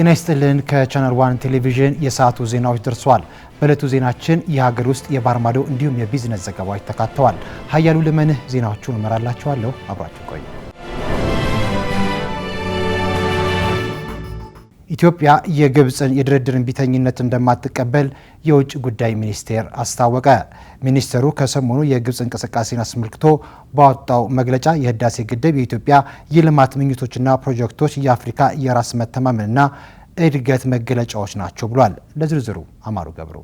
ጤና ይስጥልን። ከቻናል ዋን ቴሌቪዥን የሰዓቱ ዜናዎች ደርሰዋል። በዕለቱ ዜናችን የሀገር ውስጥ የባህር ማዶ እንዲሁም የቢዝነስ ዘገባዎች ተካተዋል። ሀያሉ ልመንህ ዜናዎቹን እመራላችኋለሁ። አብራችሁ ቆዩ። ኢትዮጵያ የግብፅን የድርድር እምቢተኝነት እንደማትቀበል የውጭ ጉዳይ ሚኒስቴር አስታወቀ። ሚኒስቴሩ ከሰሞኑ የግብፅ እንቅስቃሴን አስመልክቶ ባወጣው መግለጫ የህዳሴ ግድብ የኢትዮጵያ የልማት ምኞቶችና ፕሮጀክቶች የአፍሪካ የራስ መተማመንና እድገት መገለጫዎች ናቸው ብሏል። ለዝርዝሩ አማሩ ገብሩ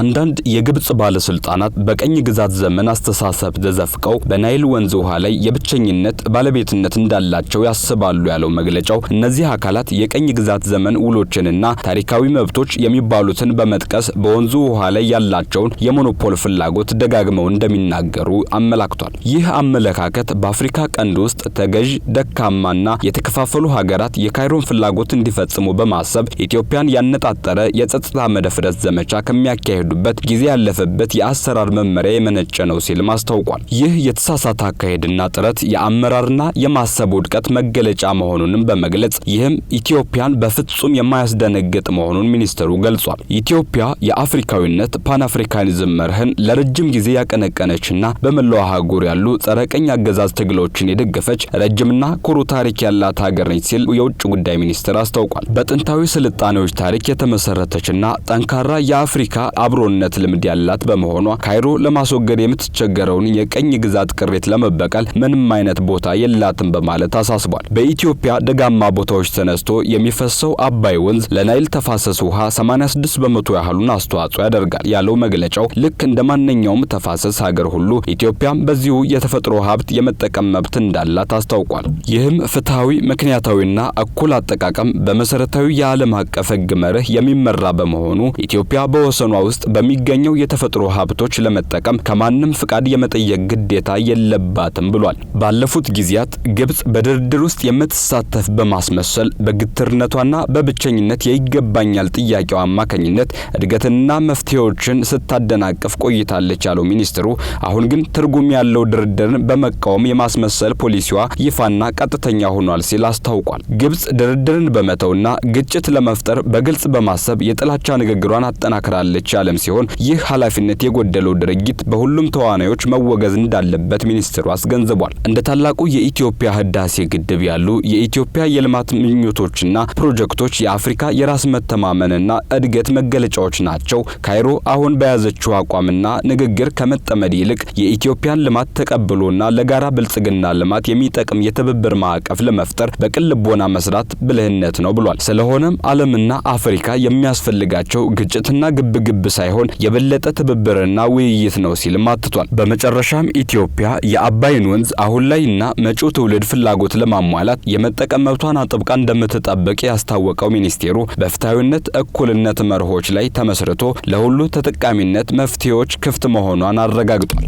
አንዳንድ የግብጽ ባለስልጣናት በቀኝ ግዛት ዘመን አስተሳሰብ ተዘፍቀው በናይል ወንዝ ውሃ ላይ የብቸኝነት ባለቤትነት እንዳላቸው ያስባሉ ያለው መግለጫው እነዚህ አካላት የቀኝ ግዛት ዘመን ውሎችንና ታሪካዊ መብቶች የሚባሉትን በመጥቀስ በወንዙ ውሃ ላይ ያላቸውን የሞኖፖል ፍላጎት ደጋግመው እንደሚናገሩ አመላክቷል። ይህ አመለካከት በአፍሪካ ቀንድ ውስጥ ተገዥ ደካማና የተከፋፈሉ ሀገራት የካይሮን ፍላጎት እንዲፈጽሙ በማሰብ ኢትዮጵያን ያነጣጠረ የጸጥታ መደፍረስ ዘመቻ ከሚያካሄዱ የሚካሄዱበት ጊዜ ያለፈበት የአሰራር መመሪያ የመነጨ ነው ሲልም አስታውቋል። ይህ የተሳሳተ አካሄድና ጥረት የአመራርና የማሰብ ውድቀት መገለጫ መሆኑንም በመግለጽ ይህም ኢትዮጵያን በፍጹም የማያስደነግጥ መሆኑን ሚኒስትሩ ገልጿል። ኢትዮጵያ የአፍሪካዊነት ፓንአፍሪካኒዝም መርህን ለረጅም ጊዜ ያቀነቀነችና በመላው አህጉር ያሉ ጸረ ቀኝ አገዛዝ ትግሎችን የደገፈች ረጅምና ኩሩ ታሪክ ያላት ሀገር ነች ሲል የውጭ ጉዳይ ሚኒስትር አስታውቋል። በጥንታዊ ስልጣኔዎች ታሪክ የተመሰረተችና ጠንካራ የአፍሪካ አ የአብሮነት ልምድ ያላት በመሆኗ ካይሮ ለማስወገድ የምትቸገረውን የቀኝ ግዛት ቅሬት ለመበቀል ምንም አይነት ቦታ የላትም በማለት አሳስቧል። በኢትዮጵያ ደጋማ ቦታዎች ተነስቶ የሚፈሰው አባይ ወንዝ ለናይል ተፋሰስ ውሃ 86 በመቶ ያህሉን አስተዋጽኦ ያደርጋል ያለው መግለጫው ልክ እንደ ማንኛውም ተፋሰስ ሀገር ሁሉ ኢትዮጵያም በዚሁ የተፈጥሮ ሀብት የመጠቀም መብት እንዳላት አስታውቋል። ይህም ፍትሐዊ፣ ምክንያታዊና እኩል አጠቃቀም በመሰረታዊ የዓለም አቀፍ ሕግ መርህ የሚመራ በመሆኑ ኢትዮጵያ በወሰኗ ውስጥ ውስጥ በሚገኘው የተፈጥሮ ሀብቶች ለመጠቀም ከማንም ፍቃድ የመጠየቅ ግዴታ የለባትም ብሏል። ባለፉት ጊዜያት ግብጽ በድርድር ውስጥ የምትሳተፍ በማስመሰል በግትርነቷና በብቸኝነት የይገባኛል ጥያቄው አማካኝነት እድገትና መፍትሄዎችን ስታደናቅፍ ቆይታለች ያለው ሚኒስትሩ፣ አሁን ግን ትርጉም ያለው ድርድርን በመቃወም የማስመሰል ፖሊሲዋ ይፋና ቀጥተኛ ሆኗል ሲል አስታውቋል። ግብጽ ድርድርን በመተውና ግጭት ለመፍጠር በግልጽ በማሰብ የጥላቻ ንግግሯን አጠናክራለች። የዘላለም ሲሆን ይህ ኃላፊነት የጎደለው ድርጊት በሁሉም ተዋናዮች መወገዝ እንዳለበት ሚኒስትሩ አስገንዝቧል። እንደ ታላቁ የኢትዮጵያ ህዳሴ ግድብ ያሉ የኢትዮጵያ የልማት ምኞቶችና ፕሮጀክቶች የአፍሪካ የራስ መተማመንና እድገት መገለጫዎች ናቸው። ካይሮ አሁን በያዘችው አቋምና ንግግር ከመጠመድ ይልቅ የኢትዮጵያን ልማት ተቀብሎና ለጋራ ብልጽግና ልማት የሚጠቅም የትብብር ማዕቀፍ ለመፍጠር በቅን ልቦና መስራት ብልህነት ነው ብሏል። ስለሆነም ዓለምና አፍሪካ የሚያስፈልጋቸው ግጭትና ግብግብ ሳይሆን የበለጠ ትብብርና ውይይት ነው ሲልም አትቷል። በመጨረሻም ኢትዮጵያ የአባይን ወንዝ አሁን ላይና መጪው ትውልድ ፍላጎት ለማሟላት የመጠቀም መብቷን አጥብቃ እንደምትጠብቅ ያስታወቀው ሚኒስቴሩ በፍትሐዊነት እኩልነት መርሆች ላይ ተመስርቶ ለሁሉ ተጠቃሚነት መፍትሄዎች ክፍት መሆኗን አረጋግጧል።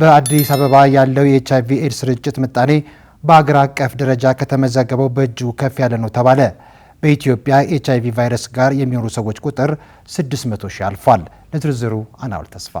በአዲስ አበባ ያለው የኤች አይቪ ኤድስ ስርጭት ምጣኔ በአገር አቀፍ ደረጃ ከተመዘገበው በእጅጉ ከፍ ያለ ነው ተባለ። በኢትዮጵያ ኤች አይቪ ቫይረስ ጋር የሚኖሩ ሰዎች ቁጥር 600 ሺህ አልፏል። ለዝርዝሩ አናውል ተስፋ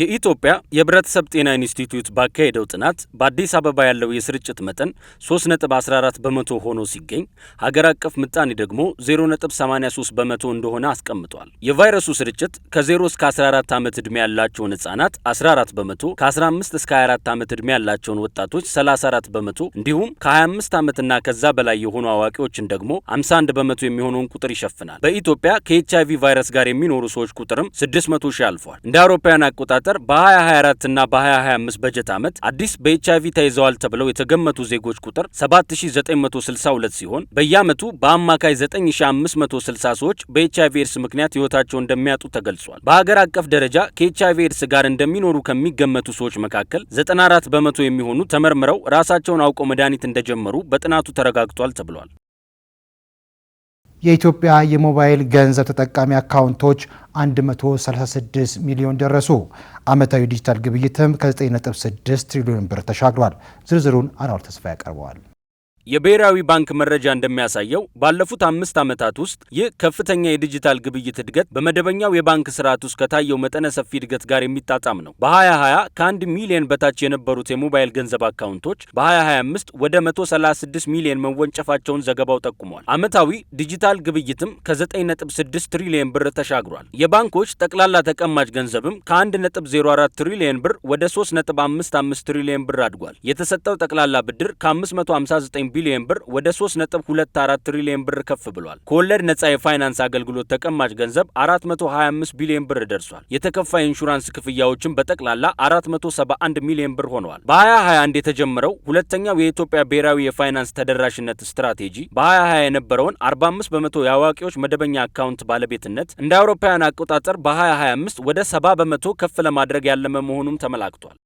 የኢትዮጵያ የህብረተሰብ ጤና ኢንስቲትዩት ባካሄደው ጥናት በአዲስ አበባ ያለው የስርጭት መጠን 3.14 በመቶ ሆኖ ሲገኝ ሀገር አቀፍ ምጣኔ ደግሞ 0.83 በመቶ እንደሆነ አስቀምጧል። የቫይረሱ ስርጭት ከ0 እስከ 14 ዓመት ዕድሜ ያላቸውን ህጻናት 14 በመቶ፣ ከ15 እስከ 24 ዓመት ዕድሜ ያላቸውን ወጣቶች 34 በመቶ እንዲሁም ከ25 ዓመትና ከዛ በላይ የሆኑ አዋቂዎችን ደግሞ 51 በመቶ የሚሆነውን ቁጥር ይሸፍናል። በኢትዮጵያ ከኤችአይቪ ቫይረስ ጋር የሚኖሩ ሰዎች ቁጥርም 600 ሺህ አልፏል። እንደ አውሮፓውያን አቆጣ አቆጣጠር በ2024 እና በ2025 በጀት ዓመት አዲስ በኤች አይቪ ተይዘዋል ተብለው የተገመቱ ዜጎች ቁጥር 7962 ሲሆን በየዓመቱ በአማካይ 9560 ሰዎች በኤች አይቪ ኤድስ ምክንያት ሕይወታቸውን እንደሚያጡ ተገልጿል። በሀገር አቀፍ ደረጃ ከኤች አይቪ ኤድስ ጋር እንደሚኖሩ ከሚገመቱ ሰዎች መካከል 94 በመቶ የሚሆኑ ተመርምረው ራሳቸውን አውቀው መድኃኒት እንደጀመሩ በጥናቱ ተረጋግጧል ተብሏል። የኢትዮጵያ የሞባይል ገንዘብ ተጠቃሚ አካውንቶች 136 ሚሊዮን ደረሱ። ዓመታዊ ዲጂታል ግብይትም ከ9.6 ትሪሊዮን ብር ተሻግሯል። ዝርዝሩን አናወል ተስፋ ያቀርበዋል። የብሔራዊ ባንክ መረጃ እንደሚያሳየው ባለፉት አምስት ዓመታት ውስጥ ይህ ከፍተኛ የዲጂታል ግብይት እድገት በመደበኛው የባንክ ስርዓት ውስጥ ከታየው መጠነ ሰፊ እድገት ጋር የሚጣጣም ነው። በ2020 ከአንድ ሚሊዮን በታች የነበሩት የሞባይል ገንዘብ አካውንቶች በ2025 ወደ 136 ሚሊዮን መወንጨፋቸውን ዘገባው ጠቁሟል። ዓመታዊ ዲጂታል ግብይትም ከ9.6 ትሪሊዮን ብር ተሻግሯል። የባንኮች ጠቅላላ ተቀማጭ ገንዘብም ከ1.04 ትሪሊየን ብር ወደ 3.55 ትሪሊዮን ብር አድጓል። የተሰጠው ጠቅላላ ብድር ከ559 ቢሊዮን ብር ወደ 3.24 ትሪሊዮን ብር ከፍ ብሏል። ከወለድ ነጻ የፋይናንስ አገልግሎት ተቀማጭ ገንዘብ 425 ቢሊዮን ብር ደርሷል። የተከፋ ኢንሹራንስ ክፍያዎችም በጠቅላላ 471 ሚሊዮን ብር ሆነዋል። በ2021 የተጀመረው ሁለተኛው የኢትዮጵያ ብሔራዊ የፋይናንስ ተደራሽነት ስትራቴጂ በ2020 የነበረውን 45 በመቶ የአዋቂዎች መደበኛ አካውንት ባለቤትነት እንደ አውሮፓውያን አቆጣጠር በ2025 ወደ 70 በመቶ ከፍ ለማድረግ ያለመ መሆኑም ተመላክቷል።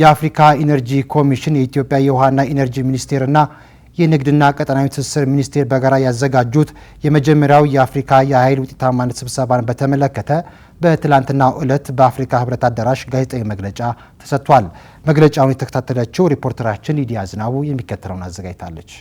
የአፍሪካ ኢነርጂ ኮሚሽን የኢትዮጵያ የውሃና ኢነርጂ ሚኒስቴርና የንግድና ቀጠናዊ ትስስር ሚኒስቴር በጋራ ያዘጋጁት የመጀመሪያው የአፍሪካ የኃይል ውጤታማነት ስብሰባን በተመለከተ በትላንትናው ዕለት በአፍሪካ ህብረት አዳራሽ ጋዜጣዊ መግለጫ ተሰጥቷል። መግለጫውን የተከታተለችው ሪፖርተራችን ሊዲያ ዝናቡ የሚከተለውን አዘጋጅታለች።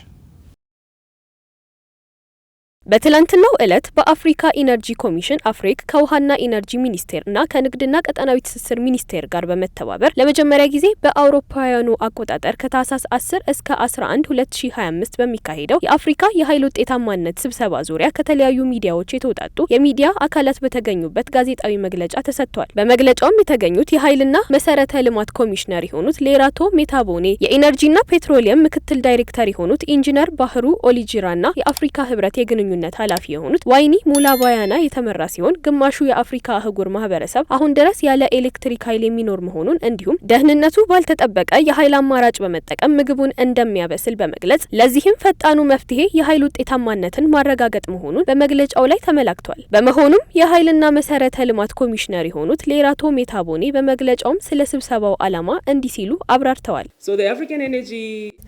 በትላንትናው ዕለት በአፍሪካ ኢነርጂ ኮሚሽን አፍሬክ ከውሃና ኢነርጂ ሚኒስቴር እና ከንግድና ቀጠናዊ ትስስር ሚኒስቴር ጋር በመተባበር ለመጀመሪያ ጊዜ በአውሮፓውያኑ አቆጣጠር ከታህሳስ 10 እስከ 11 2025 በሚካሄደው የአፍሪካ የኃይል ውጤታማነት ስብሰባ ዙሪያ ከተለያዩ ሚዲያዎች የተውጣጡ የሚዲያ አካላት በተገኙበት ጋዜጣዊ መግለጫ ተሰጥቷል። በመግለጫውም የተገኙት የኃይልና መሰረተ ልማት ኮሚሽነር የሆኑት ሌራቶ ሜታቦኔ፣ የኢነርጂና ፔትሮሊየም ምክትል ዳይሬክተር የሆኑት ኢንጂነር ባህሩ ኦሊጂራና የአፍሪካ ህብረት የግንኙነት ግንኙነት ኃላፊ የሆኑት ዋይኒ ሙላባያና የተመራ ሲሆን ግማሹ የአፍሪካ አህጉር ማህበረሰብ አሁን ድረስ ያለ ኤሌክትሪክ ኃይል የሚኖር መሆኑን እንዲሁም ደህንነቱ ባልተጠበቀ የኃይል አማራጭ በመጠቀም ምግቡን እንደሚያበስል በመግለጽ ለዚህም ፈጣኑ መፍትሄ የኃይል ውጤታማነትን ማረጋገጥ መሆኑን በመግለጫው ላይ ተመላክቷል። በመሆኑም የኃይልና መሰረተ ልማት ኮሚሽነር የሆኑት ሌራቶ ሜታቦኔ በመግለጫውም ስለ ስብሰባው ዓላማ እንዲህ ሲሉ አብራርተዋል።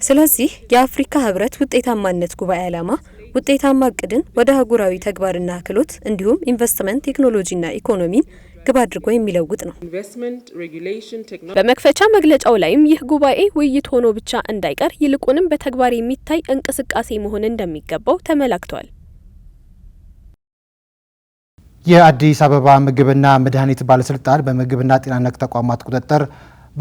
ስለዚህ የአፍሪካ ህብረት ውጤታማነት ጉባኤ ዓላማ ውጤታማ እቅድን ወደ አህጉራዊ ተግባርና ክህሎት እንዲሁም ኢንቨስትመንት ቴክኖሎጂና ኢኮኖሚን ግብ አድርጎ የሚለውጥ ነው። በመክፈቻ መግለጫው ላይም ይህ ጉባኤ ውይይት ሆኖ ብቻ እንዳይቀር ይልቁንም በተግባር የሚታይ እንቅስቃሴ መሆን እንደሚገባው ተመላክቷል። የአዲስ አበባ ምግብና መድኃኒት ባለስልጣን በምግብና ጤና ነክ ተቋማት ቁጥጥር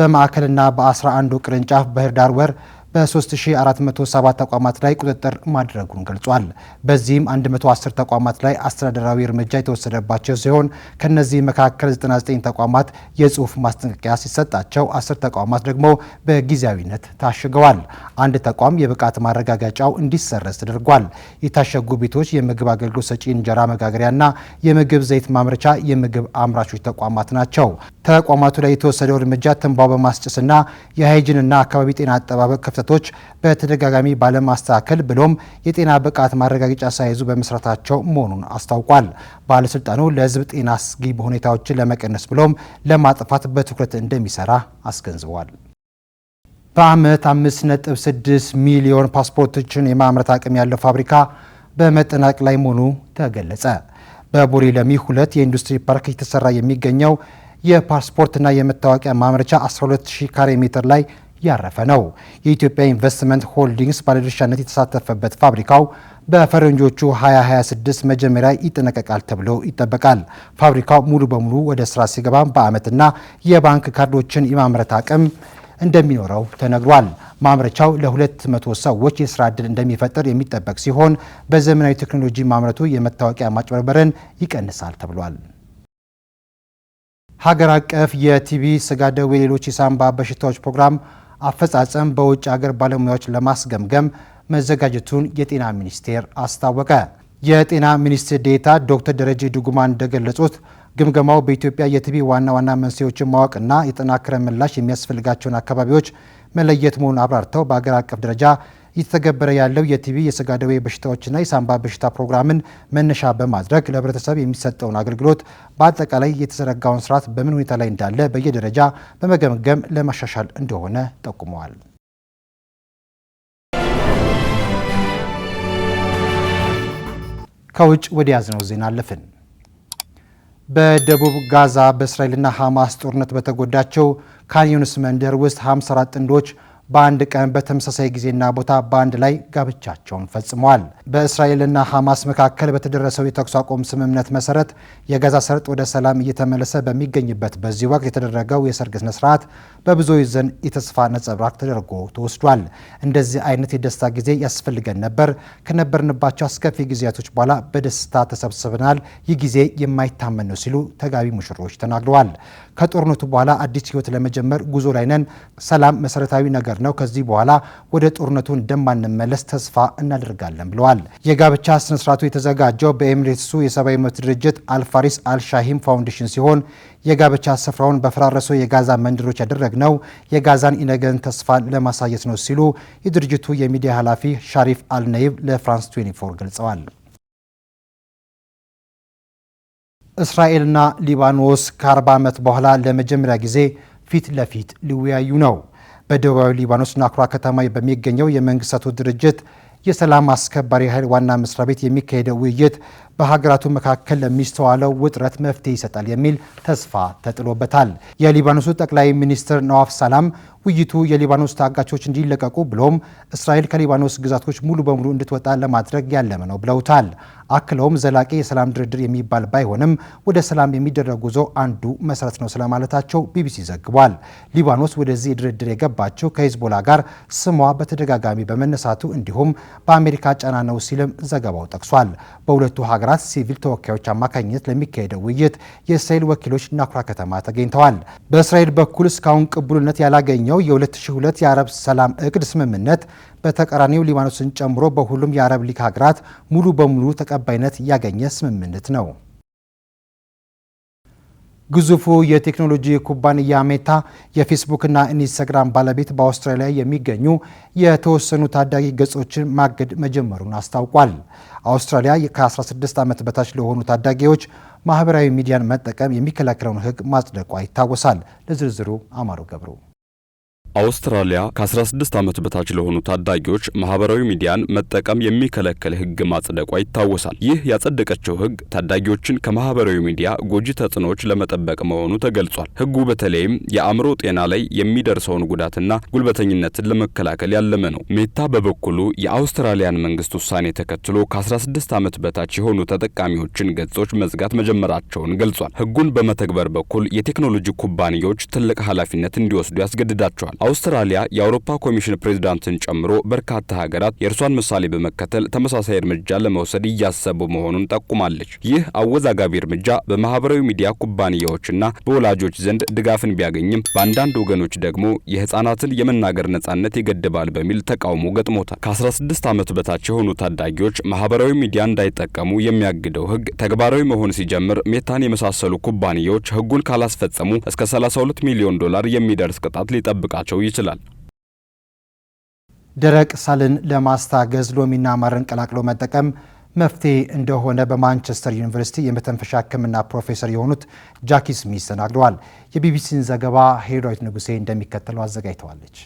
በማዕከልና በ 11 ቅርንጫፍ በህዳር ወር በ3407 ተቋማት ላይ ቁጥጥር ማድረጉን ገልጿል። በዚህም 110 ተቋማት ላይ አስተዳደራዊ እርምጃ የተወሰደባቸው ሲሆን ከነዚህ መካከል 99 ተቋማት የጽሁፍ ማስጠንቀቂያ ሲሰጣቸው፣ 10 ተቋማት ደግሞ በጊዜያዊነት ታሽገዋል። አንድ ተቋም የብቃት ማረጋገጫው እንዲሰረዝ ተደርጓል። የታሸጉ ቤቶች የምግብ አገልግሎት ሰጪ እንጀራ መጋገሪያና የምግብ ዘይት ማምረቻ የምግብ አምራቾች ተቋማት ናቸው። ተቋማቱ ላይ የተወሰደው እርምጃ ትንባው በማስጨስና የሃይጅንና አካባቢ ጤና አጠባበቅ ክፍተቶች በተደጋጋሚ ባለማስተካከል ብሎም የጤና ብቃት ማረጋገጫ ሳይዙ በመስራታቸው መሆኑን አስታውቋል። ባለስልጣኑ ለህዝብ ጤና አስጊ ሁኔታዎችን ለመቀነስ ብሎም ለማጥፋት በትኩረት እንደሚሰራ አስገንዝቧል። በአመት 5.6 ሚሊዮን ፓስፖርቶችን የማምረት አቅም ያለው ፋብሪካ በመጠናቅ ላይ መሆኑ ተገለጸ። በቦሌ ለሚ ሁለት የኢንዱስትሪ ፓርክ እየተሰራ የሚገኘው የፓስፖርትና የመታወቂያ ማምረቻ 120 ካሬ ሜትር ላይ ያረፈ ነው። የኢትዮጵያ ኢንቨስትመንት ሆልዲንግስ ባለድርሻነት የተሳተፈበት ፋብሪካው በፈረንጆቹ 2026 መጀመሪያ ይጠነቀቃል ተብሎ ይጠበቃል። ፋብሪካው ሙሉ በሙሉ ወደ ስራ ሲገባ በዓመትና የባንክ ካርዶችን የማምረት አቅም እንደሚኖረው ተነግሯል። ማምረቻው ለ200 ሰዎች የስራ ዕድል እንደሚፈጥር የሚጠበቅ ሲሆን በዘመናዊ ቴክኖሎጂ ማምረቱ የመታወቂያ ማጭበርበርን ይቀንሳል ተብሏል። ሀገር አቀፍ የቲቢ ስጋ ደዌ፣ ሌሎች የሳንባ በሽታዎች ፕሮግራም አፈጻጸም በውጭ አገር ባለሙያዎች ለማስገምገም መዘጋጀቱን የጤና ሚኒስቴር አስታወቀ። የጤና ሚኒስትር ዴታ ዶክተር ደረጀ ዱጉማ እንደገለጹት ግምገማው በኢትዮጵያ የቲቢ ዋና ዋና መንስኤዎችን ማወቅና የጠናከረ ምላሽ የሚያስፈልጋቸውን አካባቢዎች መለየት መሆኑን አብራርተው በአገር አቀፍ ደረጃ እየተተገበረ ያለው የቲቢ የስጋ ደዌ በሽታዎችና የሳምባ በሽታ ፕሮግራምን መነሻ በማድረግ ለህብረተሰብ የሚሰጠውን አገልግሎት በአጠቃላይ የተዘረጋውን ስርዓት በምን ሁኔታ ላይ እንዳለ በየደረጃ በመገምገም ለማሻሻል እንደሆነ ጠቁመዋል። ከውጭ ወደ ያዝነው ዜና አለፍን። በደቡብ ጋዛ በእስራኤልና ሐማስ ጦርነት በተጎዳቸው ካን ዩኒስ መንደር ውስጥ 54 ጥንዶች በአንድ ቀን በተመሳሳይ ጊዜና ቦታ በአንድ ላይ ጋብቻቸውን ፈጽመዋል። በእስራኤልና ሐማስ መካከል በተደረሰው የተኩስ አቁም ስምምነት መሰረት የጋዛ ሰርጥ ወደ ሰላም እየተመለሰ በሚገኝበት በዚህ ወቅት የተደረገው የሰርግ ስነ ስርዓት በብዙዎች ዘንድ የተስፋ ነጸብራቅ ተደርጎ ተወስዷል። እንደዚህ አይነት የደስታ ጊዜ ያስፈልገን ነበር። ከነበርንባቸው አስከፊ ጊዜያቶች በኋላ በደስታ ተሰብስበናል። ይህ ጊዜ የማይታመን ነው ሲሉ ተጋቢ ሙሽሮች ተናግረዋል። ከጦርነቱ በኋላ አዲስ ሕይወት ለመጀመር ጉዞ ላይ ነን። ሰላም መሰረታዊ ነገር ነገር ነው። ከዚህ በኋላ ወደ ጦርነቱ እንደማንመለስ ተስፋ እናደርጋለን ብለዋል። የጋብቻ ስነስርዓቱ የተዘጋጀው በኤምሬትሱ የሰብአዊ መብት ድርጅት አልፋሪስ አልሻሂም ፋውንዴሽን ሲሆን የጋብቻ ስፍራውን በፈራረሰው የጋዛ መንደሮች ያደረግነው የጋዛን ኢነገን ተስፋን ለማሳየት ነው ሲሉ የድርጅቱ የሚዲያ ኃላፊ ሻሪፍ አልነይብ ለፍራንስ 24 ገልጸዋል። እስራኤልና ሊባኖስ ከ40 ዓመት በኋላ ለመጀመሪያ ጊዜ ፊት ለፊት ሊወያዩ ነው። በደቡባዊ ሊባኖስ ናኩራ ከተማ በሚገኘው የመንግስታቱ ድርጅት የሰላም አስከባሪ ኃይል ዋና መስሪያ ቤት የሚካሄደው ውይይት በሀገራቱ መካከል ለሚስተዋለው ውጥረት መፍትሄ ይሰጣል የሚል ተስፋ ተጥሎበታል። የሊባኖሱ ጠቅላይ ሚኒስትር ነዋፍ ሰላም ውይይቱ የሊባኖስ ታጋቾች እንዲለቀቁ ብሎም እስራኤል ከሊባኖስ ግዛቶች ሙሉ በሙሉ እንድትወጣ ለማድረግ ያለመ ነው ብለውታል። አክለውም ዘላቂ የሰላም ድርድር የሚባል ባይሆንም ወደ ሰላም የሚደረግ ጉዞ አንዱ መሰረት ነው ስለማለታቸው ቢቢሲ ዘግቧል። ሊባኖስ ወደዚህ ድርድር የገባቸው ከሂዝቦላ ጋር ስሟ በተደጋጋሚ በመነሳቱ እንዲሁም በአሜሪካ ጫና ነው ሲልም ዘገባው ጠቅሷል። በሁለቱ ሀገራት ሀገራት ሲቪል ተወካዮች አማካኝነት ለሚካሄደው ውይይት የእስራኤል ወኪሎች ናኩራ ከተማ ተገኝተዋል። በእስራኤል በኩል እስካሁን ቅቡልነት ያላገኘው የ2002 የአረብ ሰላም እቅድ ስምምነት በተቃራኒው ሊባኖስን ጨምሮ በሁሉም የአረብ ሊግ ሀገራት ሙሉ በሙሉ ተቀባይነት ያገኘ ስምምነት ነው። ግዙፉ የቴክኖሎጂ ኩባንያ ሜታ የፌስቡክና ኢንስታግራም ባለቤት በአውስትራሊያ የሚገኙ የተወሰኑ ታዳጊ ገጾችን ማገድ መጀመሩን አስታውቋል። አውስትራሊያ ከ16 ዓመት በታች ለሆኑ ታዳጊዎች ማህበራዊ ሚዲያን መጠቀም የሚከላከለውን ህግ ማጽደቋ ይታወሳል። ለዝርዝሩ አማሩ ገብሩ አውስትራሊያ ከ16 ዓመት በታች ለሆኑ ታዳጊዎች ማህበራዊ ሚዲያን መጠቀም የሚከለክል ሕግ ማጽደቋ ይታወሳል። ይህ ያጸደቀችው ሕግ ታዳጊዎችን ከማህበራዊ ሚዲያ ጎጂ ተጽዕኖዎች ለመጠበቅ መሆኑ ተገልጿል። ሕጉ በተለይም የአእምሮ ጤና ላይ የሚደርሰውን ጉዳትና ጉልበተኝነትን ለመከላከል ያለመ ነው። ሜታ በበኩሉ የአውስትራሊያን መንግስት ውሳኔ ተከትሎ ከ16 ዓመት በታች የሆኑ ተጠቃሚዎችን ገጾች መዝጋት መጀመራቸውን ገልጿል። ሕጉን በመተግበር በኩል የቴክኖሎጂ ኩባንያዎች ትልቅ ኃላፊነት እንዲወስዱ ያስገድዳቸዋል። አውስትራሊያ የአውሮፓ ኮሚሽን ፕሬዚዳንትን ጨምሮ በርካታ ሀገራት የእርሷን ምሳሌ በመከተል ተመሳሳይ እርምጃ ለመውሰድ እያሰቡ መሆኑን ጠቁማለች። ይህ አወዛጋቢ እርምጃ በማህበራዊ ሚዲያ ኩባንያዎችና በወላጆች ዘንድ ድጋፍን ቢያገኝም በአንዳንድ ወገኖች ደግሞ የህፃናትን የመናገር ነጻነት ይገድባል በሚል ተቃውሞ ገጥሞታል። ከ16 ዓመት በታች የሆኑ ታዳጊዎች ማህበራዊ ሚዲያ እንዳይጠቀሙ የሚያግደው ህግ ተግባራዊ መሆን ሲጀምር ሜታን የመሳሰሉ ኩባንያዎች ህጉን ካላስፈጸሙ እስከ 32 ሚሊዮን ዶላር የሚደርስ ቅጣት ሊጠብቃቸው ሊኖራቸው ይችላል። ደረቅ ሳልን ለማስታገዝ ሎሚና ማርን ቀላቅሎ መጠቀም መፍትሄ እንደሆነ በማንቸስተር ዩኒቨርሲቲ የመተንፈሻ ሕክምና ፕሮፌሰር የሆኑት ጃኪ ስሚዝ ተናግረዋል። የቢቢሲን ዘገባ ሄሮይት ንጉሴ እንደሚከተለው አዘጋጅተዋለች።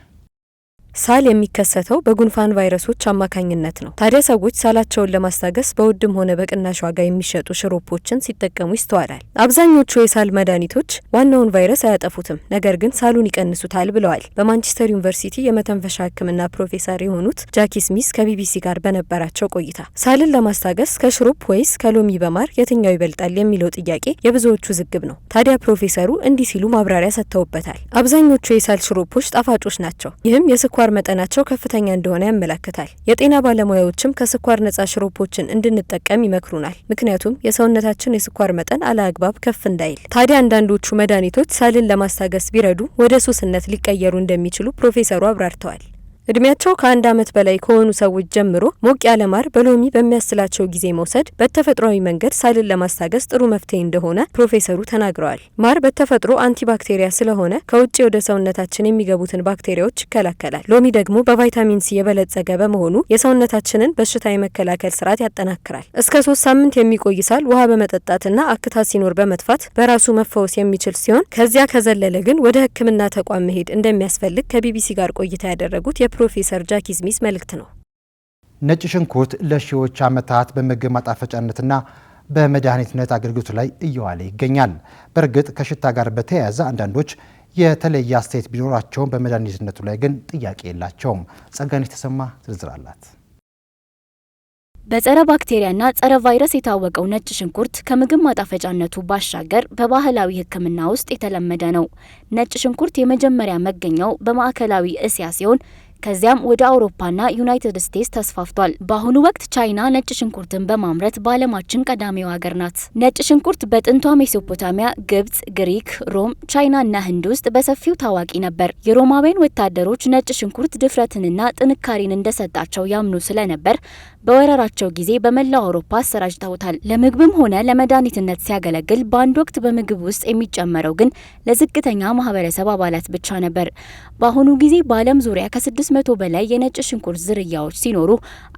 ሳል የሚከሰተው በጉንፋን ቫይረሶች አማካኝነት ነው። ታዲያ ሰዎች ሳላቸውን ለማስታገስ በውድም ሆነ በቅናሽ ዋጋ የሚሸጡ ሽሮፖችን ሲጠቀሙ ይስተዋላል። አብዛኞቹ የሳል መድኃኒቶች ዋናውን ቫይረስ አያጠፉትም፣ ነገር ግን ሳሉን ይቀንሱታል ብለዋል በማንቸስተር ዩኒቨርሲቲ የመተንፈሻ ሕክምና ፕሮፌሰር የሆኑት ጃኪ ስሚስ ከቢቢሲ ጋር በነበራቸው ቆይታ ሳልን ለማስታገስ ከሽሮፕ ወይስ ከሎሚ በማር የትኛው ይበልጣል የሚለው ጥያቄ የብዙዎቹ ዝግብ ነው። ታዲያ ፕሮፌሰሩ እንዲህ ሲሉ ማብራሪያ ሰጥተውበታል። አብዛኞቹ የሳል ሽሮፖች ጣፋጮች ናቸው። ይህም የስኳር የስኳር መጠናቸው ከፍተኛ እንደሆነ ያመለክታል። የጤና ባለሙያዎችም ከስኳር ነጻ ሽሮፖችን እንድንጠቀም ይመክሩናል። ምክንያቱም የሰውነታችን የስኳር መጠን አለአግባብ ከፍ እንዳይል። ታዲያ አንዳንዶቹ መድኃኒቶች ሳልን ለማስታገስ ቢረዱ ወደ ሱስነት ሊቀየሩ እንደሚችሉ ፕሮፌሰሩ አብራርተዋል። እድሜያቸው ከአንድ ዓመት በላይ ከሆኑ ሰዎች ጀምሮ ሞቅ ያለ ማር በሎሚ በሚያስላቸው ጊዜ መውሰድ በተፈጥሯዊ መንገድ ሳልን ለማስታገስ ጥሩ መፍትሄ እንደሆነ ፕሮፌሰሩ ተናግረዋል። ማር በተፈጥሮ አንቲባክቴሪያ ስለሆነ ከውጭ ወደ ሰውነታችን የሚገቡትን ባክቴሪያዎች ይከላከላል። ሎሚ ደግሞ በቫይታሚን ሲ የበለጸገ በመሆኑ የሰውነታችንን በሽታ የመከላከል ስርዓት ያጠናክራል። እስከ ሶስት ሳምንት የሚቆይ ሳል ውሃ በመጠጣትና አክታ ሲኖር በመጥፋት በራሱ መፈወስ የሚችል ሲሆን ከዚያ ከዘለለ ግን ወደ ሕክምና ተቋም መሄድ እንደሚያስፈልግ ከቢቢሲ ጋር ቆይታ ያደረጉት የፕሮፌሰር ጃኪ ስሚስ መልእክት ነው። ነጭ ሽንኩርት ለሺዎች ዓመታት በምግብ ማጣፈጫነትና በመድኃኒትነት አገልግሎት ላይ እየዋለ ይገኛል። በእርግጥ ከሽታ ጋር በተያያዘ አንዳንዶች የተለየ አስተያየት ቢኖራቸውም በመድኃኒትነቱ ላይ ግን ጥያቄ የላቸውም። ጸጋነሽ ተሰማ ዝርዝር አላት። በጸረ ባክቴሪያና ጸረ ቫይረስ የታወቀው ነጭ ሽንኩርት ከምግብ ማጣፈጫነቱ ባሻገር በባህላዊ ሕክምና ውስጥ የተለመደ ነው። ነጭ ሽንኩርት የመጀመሪያ መገኛው በማዕከላዊ እስያ ሲሆን ከዚያም ወደ አውሮፓና ዩናይትድ ስቴትስ ተስፋፍቷል። በአሁኑ ወቅት ቻይና ነጭ ሽንኩርትን በማምረት በዓለማችን ቀዳሚው ሀገር ናት። ነጭ ሽንኩርት በጥንቷ ሜሶፖታሚያ፣ ግብጽ፣ ግሪክ፣ ሮም፣ ቻይናና ህንድ ውስጥ በሰፊው ታዋቂ ነበር። የሮማውያን ወታደሮች ነጭ ሽንኩርት ድፍረትንና ጥንካሬን እንደሰጣቸው ያምኑ ስለነበር በወረራቸው ጊዜ በመላው አውሮፓ አሰራጭተውታል። ለምግብም ሆነ ለመድኃኒትነት ሲያገለግል በአንድ ወቅት በምግብ ውስጥ የሚጨመረው ግን ለዝቅተኛ ማህበረሰብ አባላት ብቻ ነበር። በአሁኑ ጊዜ በዓለም ዙሪያ ከስድስት ከአምስት መቶ በላይ የነጭ ሽንኩርት ዝርያዎች ሲኖሩ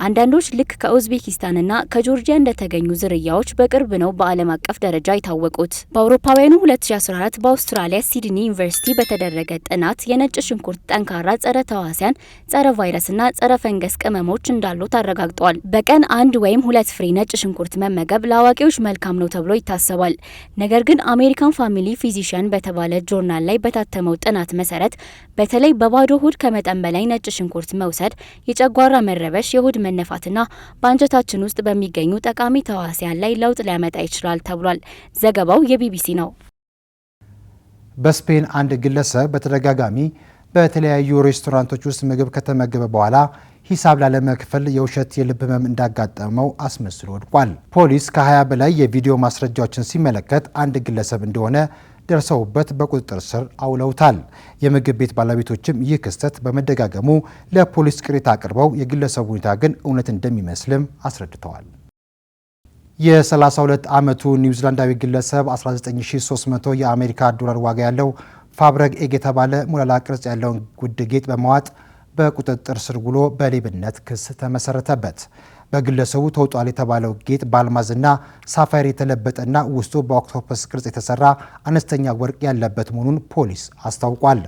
አንዳንዶች ልክ ከኡዝቤኪስታንና ከጆርጂያ እንደተገኙ ዝርያዎች በቅርብ ነው በዓለም አቀፍ ደረጃ የታወቁት። በአውሮፓውያኑ 2014 በአውስትራሊያ ሲድኒ ዩኒቨርሲቲ በተደረገ ጥናት የነጭ ሽንኩርት ጠንካራ ጸረ ተዋሲያን፣ ጸረ ቫይረስና ጸረ ፈንገስ ቅመሞች እንዳሉት አረጋግጧል። በቀን አንድ ወይም ሁለት ፍሬ ነጭ ሽንኩርት መመገብ ለአዋቂዎች መልካም ነው ተብሎ ይታሰባል። ነገር ግን አሜሪካን ፋሚሊ ፊዚሽያን በተባለ ጆርናል ላይ በታተመው ጥናት መሰረት በተለይ በባዶ ሆድ ከመጠን በላይ ነጭ ሽንኩርት መውሰድ የጨጓራ መረበሽ፣ የሆድ መነፋትና በአንጀታችን ውስጥ በሚገኙ ጠቃሚ ተዋሲያን ላይ ለውጥ ሊያመጣ ይችላል ተብሏል። ዘገባው የቢቢሲ ነው። በስፔን አንድ ግለሰብ በተደጋጋሚ በተለያዩ ሬስቶራንቶች ውስጥ ምግብ ከተመገበ በኋላ ሂሳብ ላለመክፈል የውሸት የልብ ህመም እንዳጋጠመው አስመስሎ ወድቋል። ፖሊስ ከ20 በላይ የቪዲዮ ማስረጃዎችን ሲመለከት አንድ ግለሰብ እንደሆነ ደርሰውበት በቁጥጥር ስር አውለውታል። የምግብ ቤት ባለቤቶችም ይህ ክስተት በመደጋገሙ ለፖሊስ ቅሬታ አቅርበው የግለሰቡ ሁኔታ ግን እውነት እንደሚመስልም አስረድተዋል። የ32 ዓመቱ ኒውዚላንዳዊ ግለሰብ 19300 የአሜሪካ ዶላር ዋጋ ያለው ፋብረግ ኤግ የተባለ ሞላላ ቅርጽ ያለውን ውድጌጥ ጌጥ በመዋጥ በቁጥጥር ስር ውሎ በሌብነት ክስ ተመሰረተበት። በግለሰቡ ተውጧል የተባለው ጌጥ በአልማዝና ሳፋሪ የተለበጠና ውስጡ በኦክቶፐስ ቅርጽ የተሰራ አነስተኛ ወርቅ ያለበት መሆኑን ፖሊስ አስታውቋል።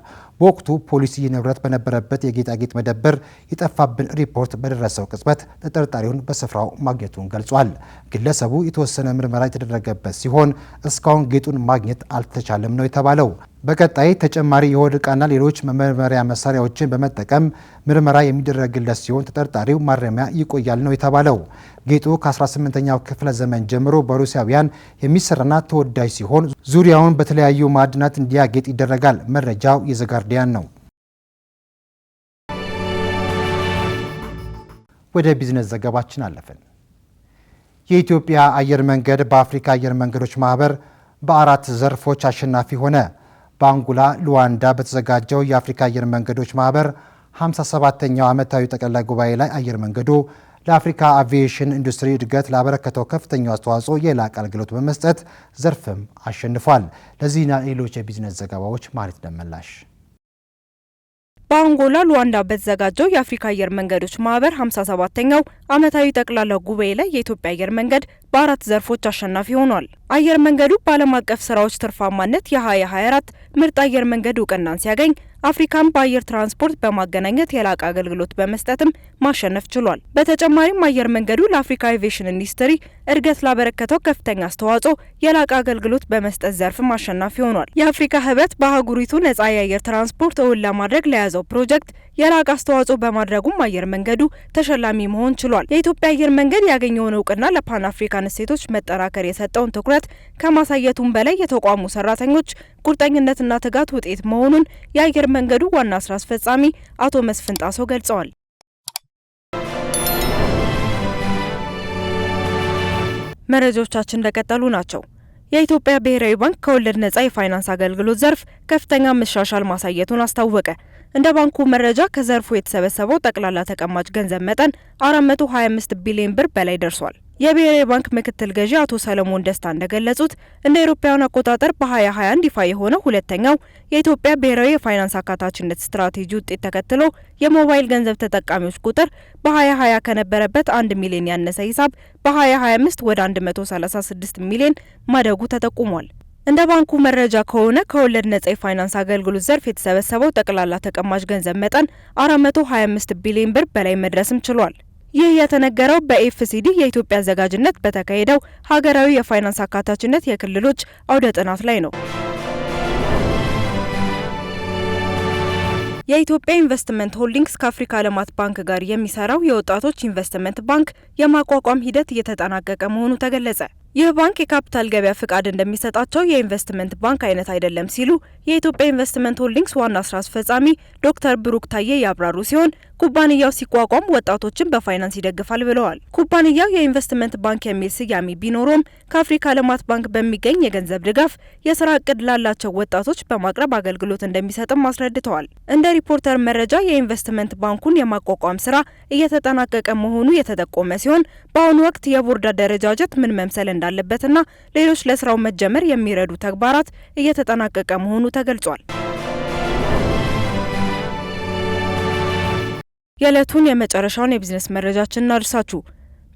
በወቅቱ ፖሊስ ይህ ንብረት በነበረበት የጌጣጌጥ መደብር የጠፋብን ሪፖርት በደረሰው ቅጽበት ተጠርጣሪውን በስፍራው ማግኘቱን ገልጿል። ግለሰቡ የተወሰነ ምርመራ የተደረገበት ሲሆን እስካሁን ጌጡን ማግኘት አልተቻለም ነው የተባለው። በቀጣይ ተጨማሪ የሆድ ዕቃና ሌሎች መመርመሪያ መሳሪያዎችን በመጠቀም ምርመራ የሚደረግለት ሲሆን ተጠርጣሪው ማረሚያ ይቆያል ነው የተባለው። ጌጡ ከ18ኛው ክፍለ ዘመን ጀምሮ በሩሲያውያን የሚሰራና ተወዳጅ ሲሆን ዙሪያውን በተለያዩ ማዕድናት እንዲያጌጥ ይደረጋል። መረጃው የዘጋር ጋርዲያን ነው። ወደ ቢዝነስ ዘገባችን አለፍን። የኢትዮጵያ አየር መንገድ በአፍሪካ አየር መንገዶች ማህበር በአራት ዘርፎች አሸናፊ ሆነ። በአንጉላ ሉዋንዳ በተዘጋጀው የአፍሪካ አየር መንገዶች ማህበር 57ኛው ዓመታዊ ጠቅላላ ጉባኤ ላይ አየር መንገዱ ለአፍሪካ አቪዬሽን ኢንዱስትሪ እድገት ላበረከተው ከፍተኛው አስተዋጽኦ የላቀ አገልግሎት በመስጠት ዘርፍም አሸንፏል። ለዚህና ሌሎች የቢዝነስ ዘገባዎች ማለት ደመላሽ በአንጎላ ሉዋንዳ በተዘጋጀው የአፍሪካ አየር መንገዶች ማህበር 57ኛው ዓመታዊ ጠቅላላ ጉባኤ ላይ የኢትዮጵያ አየር መንገድ በአራት ዘርፎች አሸናፊ ሆኗል። አየር መንገዱ በዓለም አቀፍ ስራዎች ትርፋማነት የ2024 ምርጥ አየር መንገድ እውቅናን ሲያገኝ አፍሪካን በአየር ትራንስፖርት በማገናኘት የላቀ አገልግሎት በመስጠትም ማሸነፍ ችሏል። በተጨማሪም አየር መንገዱ ለአፍሪካ አቪዬሽን ኢንዱስትሪ እድገት ላበረከተው ከፍተኛ አስተዋጽኦ የላቀ አገልግሎት በመስጠት ዘርፍም አሸናፊ ሆኗል። የአፍሪካ ህብረት በአህጉሪቱ ነጻ የአየር ትራንስፖርት እውን ለማድረግ ለያዘው ፕሮጀክት የላቅ አስተዋጽኦ በማድረጉም አየር መንገዱ ተሸላሚ መሆን ችሏል። የኢትዮጵያ አየር መንገድ ያገኘውን እውቅና ለፓን አፍሪካን እሴቶች መጠናከር የሰጠውን ትኩረት ከማሳየቱም በላይ የተቋሙ ሰራተኞች ቁርጠኝነትና ትጋት ውጤት መሆኑን የአየር መንገዱ ዋና ስራ አስፈጻሚ አቶ መስፍን ጣሰው ገልጸዋል። መረጃዎቻችን እንደቀጠሉ ናቸው። የኢትዮጵያ ብሔራዊ ባንክ ከወለድ ነጻ የፋይናንስ አገልግሎት ዘርፍ ከፍተኛ መሻሻል ማሳየቱን አስታወቀ። እንደ ባንኩ መረጃ ከዘርፉ የተሰበሰበው ጠቅላላ ተቀማጭ ገንዘብ መጠን 425 ቢሊዮን ብር በላይ ደርሷል። የብሔራዊ ባንክ ምክትል ገዢ አቶ ሰለሞን ደስታ እንደገለጹት እንደ ኢሮፓውያን አቆጣጠር በ2021 ይፋ የሆነው ሁለተኛው የኢትዮጵያ ብሔራዊ የፋይናንስ አካታችነት ስትራቴጂ ውጤት ተከትሎ የሞባይል ገንዘብ ተጠቃሚዎች ቁጥር በ2020 ከነበረበት 1 ሚሊዮን ያነሰ ሂሳብ በ2025 ወደ 136 ሚሊዮን ማደጉ ተጠቁሟል። እንደ ባንኩ መረጃ ከሆነ ከወለድ ነጻ የፋይናንስ አገልግሎት ዘርፍ የተሰበሰበው ጠቅላላ ተቀማጭ ገንዘብ መጠን 425 ቢሊዮን ብር በላይ መድረስም ችሏል። ይህ የተነገረው በኤፍሲዲ የኢትዮጵያ አዘጋጅነት በተካሄደው ሀገራዊ የፋይናንስ አካታችነት የክልሎች አውደ ጥናት ላይ ነው። የኢትዮጵያ ኢንቨስትመንት ሆልዲንግስ ከአፍሪካ ልማት ባንክ ጋር የሚሰራው የወጣቶች ኢንቨስትመንት ባንክ የማቋቋም ሂደት እየተጠናቀቀ መሆኑ ተገለጸ። ይህ ባንክ የካፒታል ገበያ ፍቃድ እንደሚሰጣቸው የኢንቨስትመንት ባንክ አይነት አይደለም ሲሉ የኢትዮጵያ ኢንቨስትመንት ሆልዲንግስ ዋና ስራ አስፈጻሚ ዶክተር ብሩክ ታዬ ያብራሩ ሲሆን ኩባንያው ሲቋቋም ወጣቶችን በፋይናንስ ይደግፋል ብለዋል። ኩባንያው የኢንቨስትመንት ባንክ የሚል ስያሜ ቢኖረውም ከአፍሪካ ልማት ባንክ በሚገኝ የገንዘብ ድጋፍ የስራ እቅድ ላላቸው ወጣቶች በማቅረብ አገልግሎት እንደሚሰጥም አስረድተዋል። እንደ ሪፖርተር መረጃ የኢንቨስትመንት ባንኩን የማቋቋም ስራ እየተጠናቀቀ መሆኑ የተጠቆመ ሲሆን በአሁኑ ወቅት የቦርድ አደረጃጀት ምን መምሰል እንዳለበትና ሌሎች ለስራው መጀመር የሚረዱ ተግባራት እየተጠናቀቀ መሆኑ ተገልጿል። የዕለቱን የመጨረሻውን የቢዝነስ መረጃችን እናድርሳችሁ።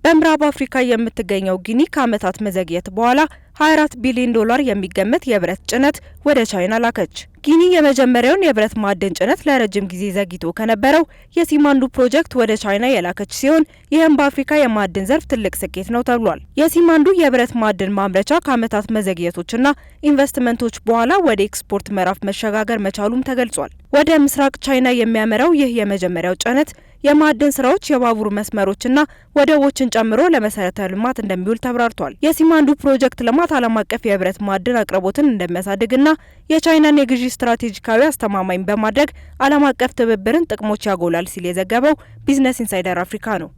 በምዕራብ አፍሪካ የምትገኘው ጊኒ ከዓመታት መዘግየት በኋላ 24 ቢሊዮን ዶላር የሚገመት የብረት ጭነት ወደ ቻይና ላከች። ጊኒ የመጀመሪያውን የብረት ማዕድን ጭነት ለረጅም ጊዜ ዘግይቶ ከነበረው የሲማንዱ ፕሮጀክት ወደ ቻይና የላከች ሲሆን ይህም በአፍሪካ የማዕድን ዘርፍ ትልቅ ስኬት ነው ተብሏል። የሲማንዱ የብረት ማዕድን ማምረቻ ከዓመታት መዘግየቶችና ኢንቨስትመንቶች በኋላ ወደ ኤክስፖርት ምዕራፍ መሸጋገር መቻሉም ተገልጿል። ወደ ምስራቅ ቻይና የሚያመራው ይህ የመጀመሪያው ጭነት የማዕድን ስራዎች፣ የባቡር መስመሮችና ወደቦችን ጨምሮ ለመሰረተ ልማት እንደሚውል ተብራርቷል። የሲማንዱ ፕሮጀክት ለማ መስማማት ዓለም አቀፍ የህብረት ማዕድን አቅርቦትን እንደሚያሳድግና የቻይናን የግዢ ስትራቴጂካዊ አስተማማኝ በማድረግ ዓለም አቀፍ ትብብርን ጥቅሞች ያጎላል ሲል የዘገበው ቢዝነስ ኢንሳይደር አፍሪካ ነው።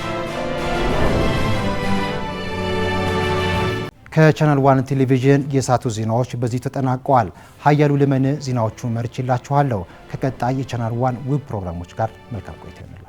ከቻናል ዋን ቴሌቪዥን የሳቱ ዜናዎች በዚህ ተጠናቀዋል። ሀያሉ ልመን ዜናዎቹን መርችላችኋለሁ። ከቀጣይ የቻናል ዋን ውብ ፕሮግራሞች ጋር መልካም ቆይታ